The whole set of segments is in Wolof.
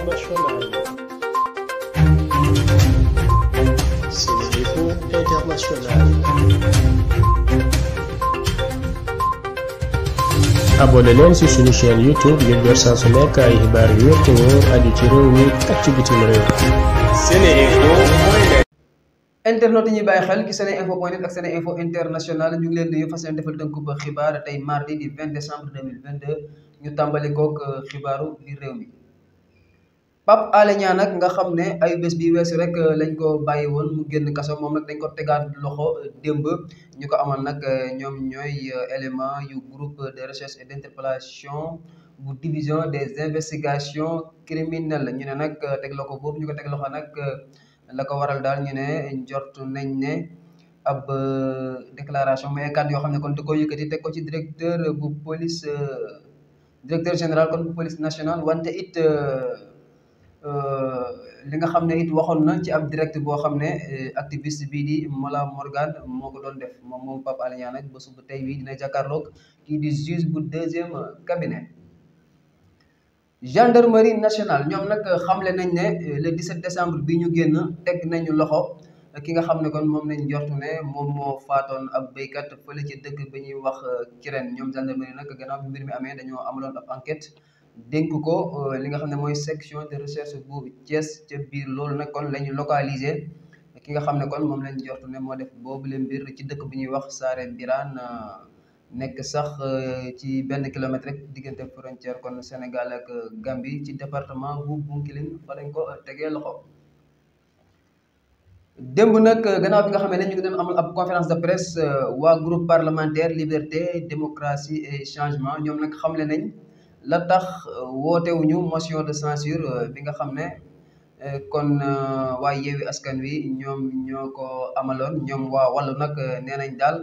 internationale. C'est l'info internationale. abonné leen ci suñu chaîne YouTube ngir jot saa su nekk ay xibaar yu te wóor ci réew mi ak ci bitim réew. Seneinfo. internet yi ñuy bàyyi xel ci seneinfo point net ak seneinfo international ñu ngi leen di nuyu fas yéene defal tënku a xibaar tey mardi di 20 décembre 2022 ñu tàmbali koog euh, xibaaru biir réew mi. Pape Alé Niang nag nga xam ne ay bés bi weesu rek euh, lañ ko bàyyi woon mu génn kaso moom nag dañ ko tegaat loxo euh, démb ñu ko amal nag euh, ñoom ñooy élément yu groupe de recherche et d'interpellation bu division des investigations criminelles ñu ne nag teg loxo boobu ñu ko teg loxo nag la ko waral daal ñu ne njort nañ ne ab déclaration mais kàddu yoo xam ne kon te ko yëkkati teg ko ci directeur bu police directeur général kon bu police nationale wante it Euh, li nga xam ne it waxoon na ci ab direct boo xam ne euh, activiste bii di Mola Morgan moo ko doon def moom moom Pape Alé Niang nag ba suba tey bii dina jàkkaarloog kii di juge bu deuxième cabinet. gendarmerie nationale ñoom nag xamle nañ ne euh, le 17 décembre bi ñu génn teg nañu loxo ki nga xam ne kon moom lañ jortu ne moom moo faatoon ab béykat fële ci dëkk ba ñuy wax Kirène ñoom gendarmerie nag gannaaw bi mbir mi amee dañoo amaloon ab enquête. dénk ko euh, li nga xam ne mooy section de recherche boobu Thiès ca biir loolu nag kon la ñu localiser ki nga xam ne kon moom lañ jortu ne moo def boobu leen mbir ci dëkk bu ñuy wax Saare Birane euh, nekk sax euh, ci benn kilomètre diggante frontière kon Sénégal ak Gambie ci département bu Bounkiling fa lañ ko tegee loxo. démb nag gannaaw bi nga xam ne ñu ngi doon amal ab conférence de presse waa groupe parlementaire liberté démocratie et changement ñoom nag xamle nañ. la tax euh, wootewuñu motion de censure euh, bi nga xam ne euh, kon waa Yewwi Askan Wi ñoom ñoo ko amaloon ñoom waa Wallu nag nee nañ daal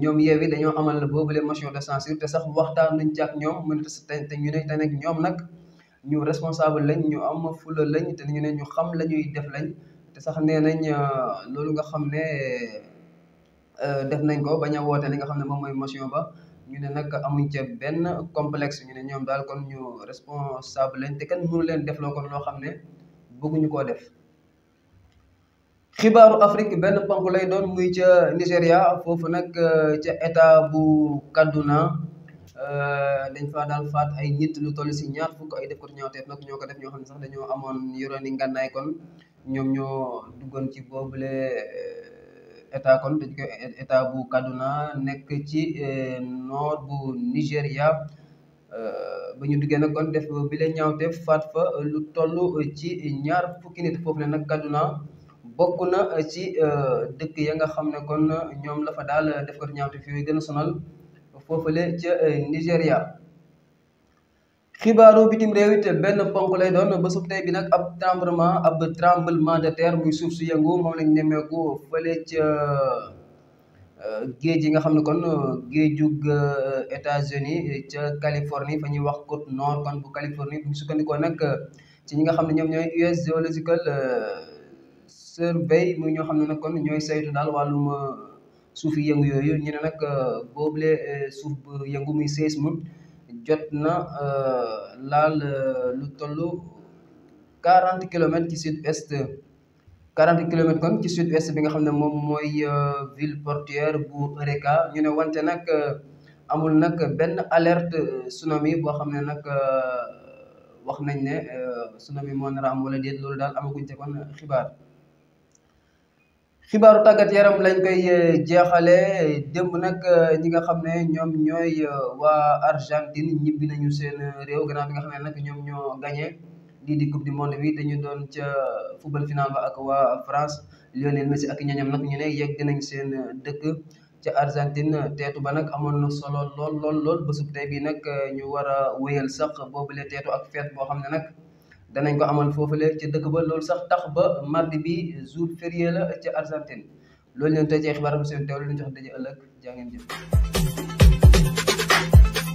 ñoom Yewwi dañoo boobu boobule motion de censure te sax waxtaan nañ ci ak ñoom mu te ñu ne te nag ñoom nag ñu responsable lañ ñu am fula lañ te ñu ne ñu xam la ñuy def lañ te sax nee nañ loolu nga xam ne def nañ ko bañ a woote li nga xam ne moom mooy motion ba ñu ne nag amuñ ca benn complexe ñu ne ñoom daal kon ñu responsable lañ te kenn mënu leen def loo kon loo xam ne bëgguñu koo def. xibaaru Afrique benn ponk lay doon muy ca Nigéria foofu nag euh, ca état bu Kaduna euh, dañ faa daal faat ay nit lu toll si ñaar fukk ay def ko ñaawteef nag ñoo ko def ñoo xam ne sax dañoo amoon yoroon ni ngànnaay kon ñoom ñoo duggoon ci boobule. état kon dañ koy état bu Kaduna nekk ci eh, nord bu Nigéria eh, ba ñu duggee ne kon def bi leen ñaawteef faat fa lu toll ci ñaar fukki nit foofu ne nag Kaduna bokku na ci eh, dëkk ya nga xam ne kon ñoom lafa daal def ko ñaawteef yooyu gën a sonal foofule ca Nigéria. xibaaru bitim réew it benn ponk lay doon ba sub tey bi nag ab tremblement ab tremblement de terre muy suuf su yëngu moom lañ nemmeeku fële ca géej yi nga xam ne kon géejug euh, États-Unis ca Californie fa ñuy wax côte nord kon bu Californie bu sukkandikoo nag ci ñi nga xam ne ñoom ñooy US Geological euh, Survey muy ñoo xam ne nag kon ñooy saytu daal wàllum euh, suuf yëngu yooyu ñu ne nag boobule suuf yëngu muy séisme jot na euh, laal euh, lu toll quarante kilomètres ci sud est quarante kilomètres kon ci sud ouest bi nga xam ne moom mooy euh, ville portière bu Eureka ñu ne wante nag amul nag benn alerte tsunami boo xam ne nag wax nañ ne tsunami moo nar am wala déet loolu daal amaguñ te kon xibaar. xibaaru tàggat yaram lañ koy eh, jeexale démb nag eh, ñi nga xam ne ñoom ñooy eh, waa Argentine ñibbi nañu seen réew gannaaw bi nga xam ne nag ñoom ñoo gagné lii di coupe du monde bi te doon ca football final ba ak waa France Lionel Messi ak ñañam nag ñu ne yegg nañ seen dëkk ca Argentine teetu ba nag amoon na solo lool lool lool bésub tey bi nag ñu war a wéyal boobu boobule teetu ak feet boo xam ne nag. danañ ko foofu foofule ca dëkk ba loolu sax tax ba mardi bi jour férié la ca Argentine loolu leen tey ci xibaar bu seen teewlu ñu jox daje ëllëg jaa ngeen jëf